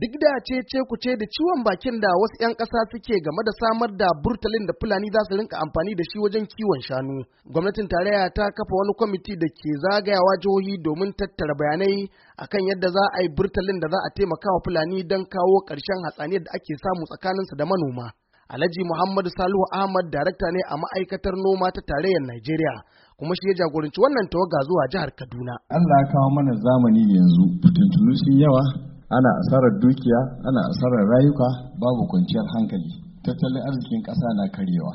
duk da ce ce ku ce da ciwon bakin da wasu 'yan ƙasa suke game da samar da burtalin da fulani za su rinka amfani da shi wajen kiwon shanu gwamnatin tarayya ta kafa wani kwamiti da ke zagayawa jihohi domin tattara bayanai akan yadda za a yi burtalin da za a taimaka wa fulani don kawo ƙarshen hatsaniyar da ake samu tsakaninsa da manoma alhaji muhammadu salihu ahmad darakta ne a ma'aikatar noma ta tarayyar najeriya kuma shi ya jagoranci wannan tawaga zuwa jihar kaduna allah ya kawo mana zamani yanzu fitintunu sun yawa ana asarar dukiya ana asarar rayuka babu kwanciyar hankali tattalin arzikin ƙasa na karyewa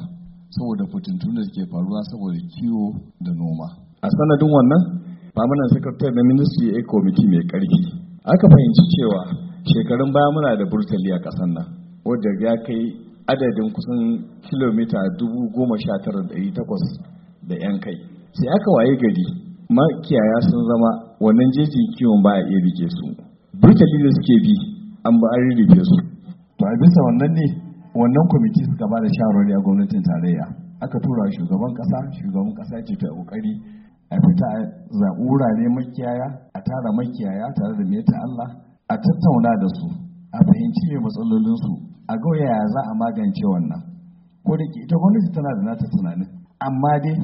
saboda fitintun da ke faruwa saboda kiwo da noma a sanadin wannan famanan sakatare na ministry a kwamiti mai ƙarfi aka fahimci cewa shekarun baya muna da burtali a ƙasar nan wadda ya kai adadin kusan kilomita dubu goma sha tara da takwas da yan kai sai aka waye gari makiyaya sun zama wannan jejin kiwon ba a iya rike su duk da suke bi an ba an rufe su to a bisa wannan ne wannan kwamiti suka ba da shawarwari a gwamnatin tarayya aka tura shugaban kasa shugaban kasa ce ta kokari a fita a zaɓi wurare makiyaya a tara makiyaya tare da ta Allah a tattauna da su a fahimci mai matsalolinsu a ga yaya za a magance wannan ko da ke ita gwamnati tana da nata tunanin amma dai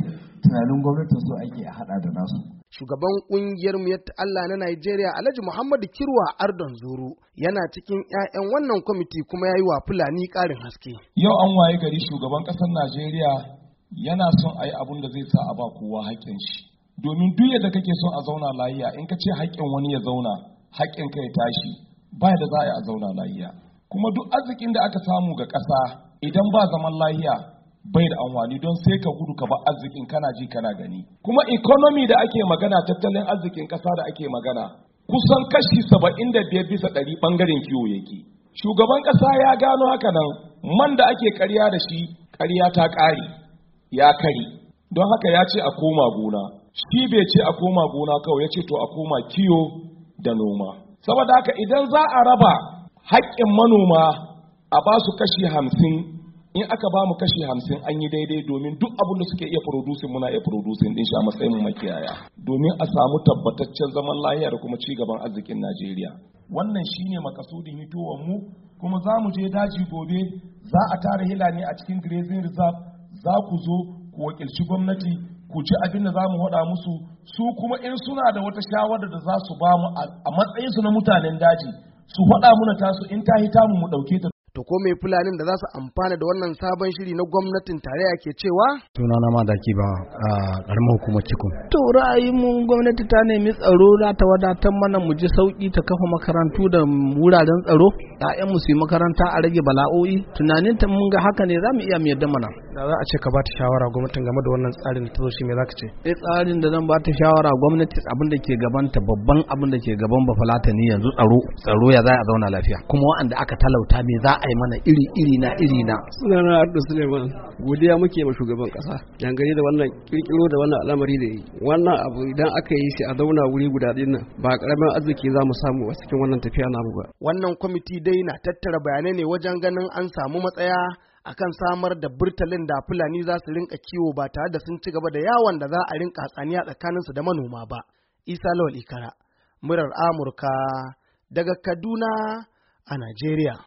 tunanin gwamnatin su ake a hada da nasu. Shugaban kungiyar mu Allah na Najeriya Alhaji Muhammadu Kirwa Ardon Zuru yana cikin 'ya'yan wannan kwamiti kuma ya yi wa Fulani ƙarin haske. Yau an waye gari shugaban ƙasar Najeriya yana son a yi abun da zai sa a ba kowa haƙƙin shi. Domin duk yadda kake son a zauna lafiya in ka ce haƙƙin wani ya zauna haƙƙin ka ya tashi ba da za a yi a zauna lafiya. Kuma duk arzikin da aka samu ga ƙasa idan ba zaman lafiya bai da amfani don sai ka gudu ka ba arzikin kana ji kana gani kuma economy da ake magana tattalin arzikin ƙasa da ake magana kusan kashi saba'in da biyar bisa ɗari ɓangaren kiwo yake shugaban ƙasa ya gano haka nan man da ake ƙarya da shi ƙarya ta ƙare ya kare don haka ya ce a koma gona shi bai ce a koma gona kawai ya ce to a koma kiwo da noma saboda haka idan za a raba haƙƙin manoma a ba su kashi hamsin in aka ba mu kashi hamsin an yi daidai domin duk abin da suke iya producing muna iya producing din shi a matsayin mu makiyaya domin a samu tabbataccen zaman lahiya da kuma cigaban arzikin Najeriya wannan shine makasudin hitowar mu kuma za mu je daji gobe za a tara ne a cikin grazing reserve za ku zo ku wakilci gwamnati ku ci abin da za mu haɗa musu su kuma in suna da wata shawarar da za su ba mu a matsayinsu na mutanen daji su haɗa muna tasu in ta hita mu mu ɗauke ta To ko mai fulanin da za su amfana da wannan sabon shiri na gwamnatin tarayya ke cewa? na ma daki ba a karamar hukumar cikin. To mun gwamnati ta nemi tsaro za ta wadatar mana mu ji sauki ta kafa makarantu da wuraren tsaro. mu su makaranta a rage bala'o'i. Tunanin ta mun ga haka ne za mu iya mu yadda mana. Da za a ce ka ba ta shawara gwamnatin game da wannan tsarin da ta zo shi me za ka ce? Eh tsarin da zan ba ta shawara gwamnati abin da ke gabanta babban abin da ke gaban bafalatani yanzu tsaro tsaro ya za a zauna lafiya. Kuma wa'anda aka talauta me za a yi mana iri iri na iri na Suna na Ardu Suleiman godiya muke ma shugaban kasa dangane da wannan kirkiro da wannan al'amari da yi wannan abu idan aka yi shi a zauna wuri guda din nan ba karamin arziki za mu samu a cikin wannan tafiya namu ba wannan kwamiti dai na tattara bayanai ne wajen ganin an samu matsaya akan samar da burtalin da fulani za su rinka kiwo ba tare da sun ci gaba da yawon da za a rinka hatsaniya tsakaninsu da manoma ba. Isa Lawal Ikara, murar Amurka daga Kaduna a Najeriya.